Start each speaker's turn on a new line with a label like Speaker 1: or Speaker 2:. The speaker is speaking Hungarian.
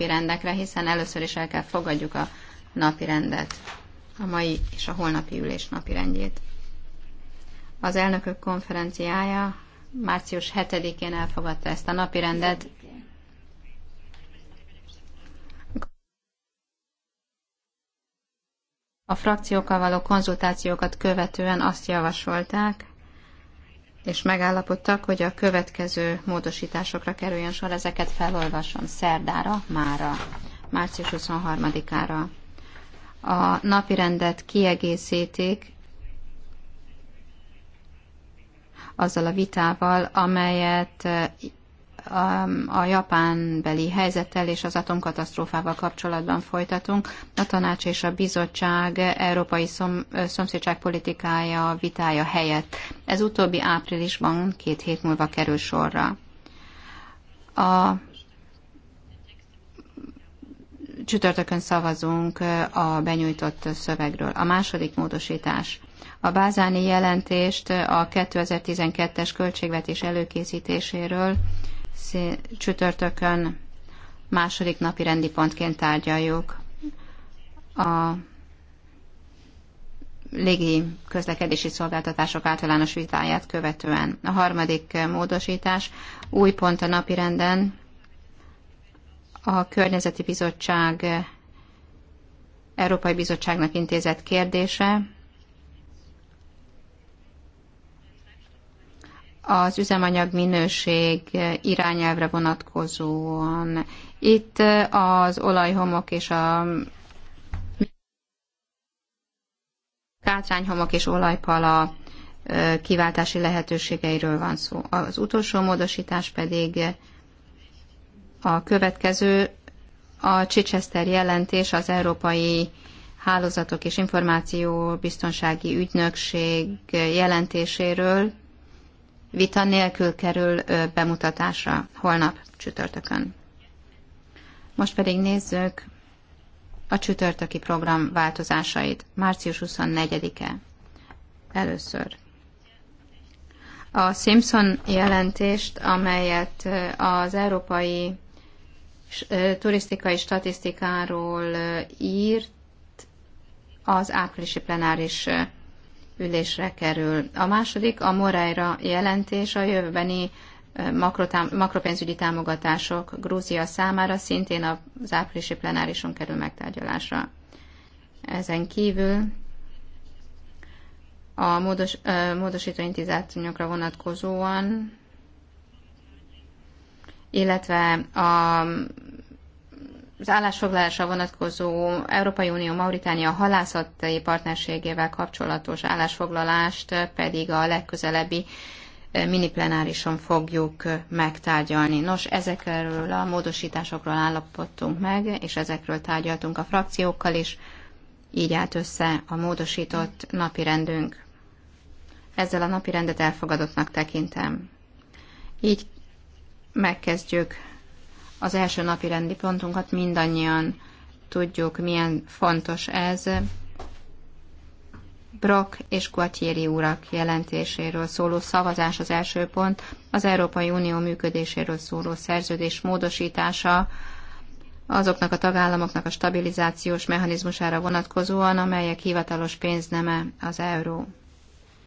Speaker 1: napi rendekre, hiszen először is el kell fogadjuk a napi rendet, a mai és a holnapi ülés napi rendjét. Az elnökök konferenciája március 7-én elfogadta ezt a napi rendet. A frakciókkal való konzultációkat követően azt javasolták, és megállapodtak, hogy a következő módosításokra kerüljön sor, ezeket felolvasom szerdára, mára, március 23-ára. A rendet kiegészítik azzal a vitával, amelyet a japánbeli helyzettel és az atomkatasztrófával kapcsolatban folytatunk. A tanács és a bizottság európai szom, szomszédságpolitikája vitája helyett. Ez utóbbi áprilisban két hét múlva kerül sorra. A csütörtökön szavazunk a benyújtott szövegről. A második módosítás. A bázáni jelentést a 2012-es költségvetés előkészítéséről csütörtökön második napi rendi pontként tárgyaljuk a légi közlekedési szolgáltatások általános vitáját követően. A harmadik módosítás új pont a napirenden a Környezeti Bizottság Európai Bizottságnak intézett kérdése, az üzemanyag minőség irányelvre vonatkozóan. Itt az olajhomok és a kátrányhomok és olajpala kiváltási lehetőségeiről van szó. Az utolsó módosítás pedig a következő, a Chichester jelentés az Európai Hálózatok és Információ Biztonsági Ügynökség jelentéséről, vita nélkül kerül bemutatásra holnap csütörtökön. Most pedig nézzük a csütörtöki program változásait. Március 24-e először. A Simpson jelentést, amelyet az Európai Turisztikai Statisztikáról írt, az áprilisi plenáris ülésre kerül. A második a morajra jelentés a jövőbeni makropénzügyi támogatások Grúzia számára szintén az áprilisi plenárison kerül megtárgyalásra. Ezen kívül a módos, módosító intézményokra vonatkozóan, illetve a az állásfoglalásra vonatkozó Európai Unió Mauritánia halászati partnerségével kapcsolatos állásfoglalást pedig a legközelebbi eh, miniplenárison fogjuk eh, megtárgyalni. Nos, ezekről a módosításokról állapodtunk meg, és ezekről tárgyaltunk a frakciókkal is, így állt össze a módosított napirendünk. Ezzel a napirendet elfogadottnak tekintem. Így megkezdjük az első napi rendi pontunkat mindannyian tudjuk, milyen fontos ez. Brock és Guattieri urak jelentéséről szóló szavazás az első pont, az Európai Unió működéséről szóló szerződés módosítása azoknak a tagállamoknak a stabilizációs mechanizmusára vonatkozóan, amelyek hivatalos pénzneme az euró.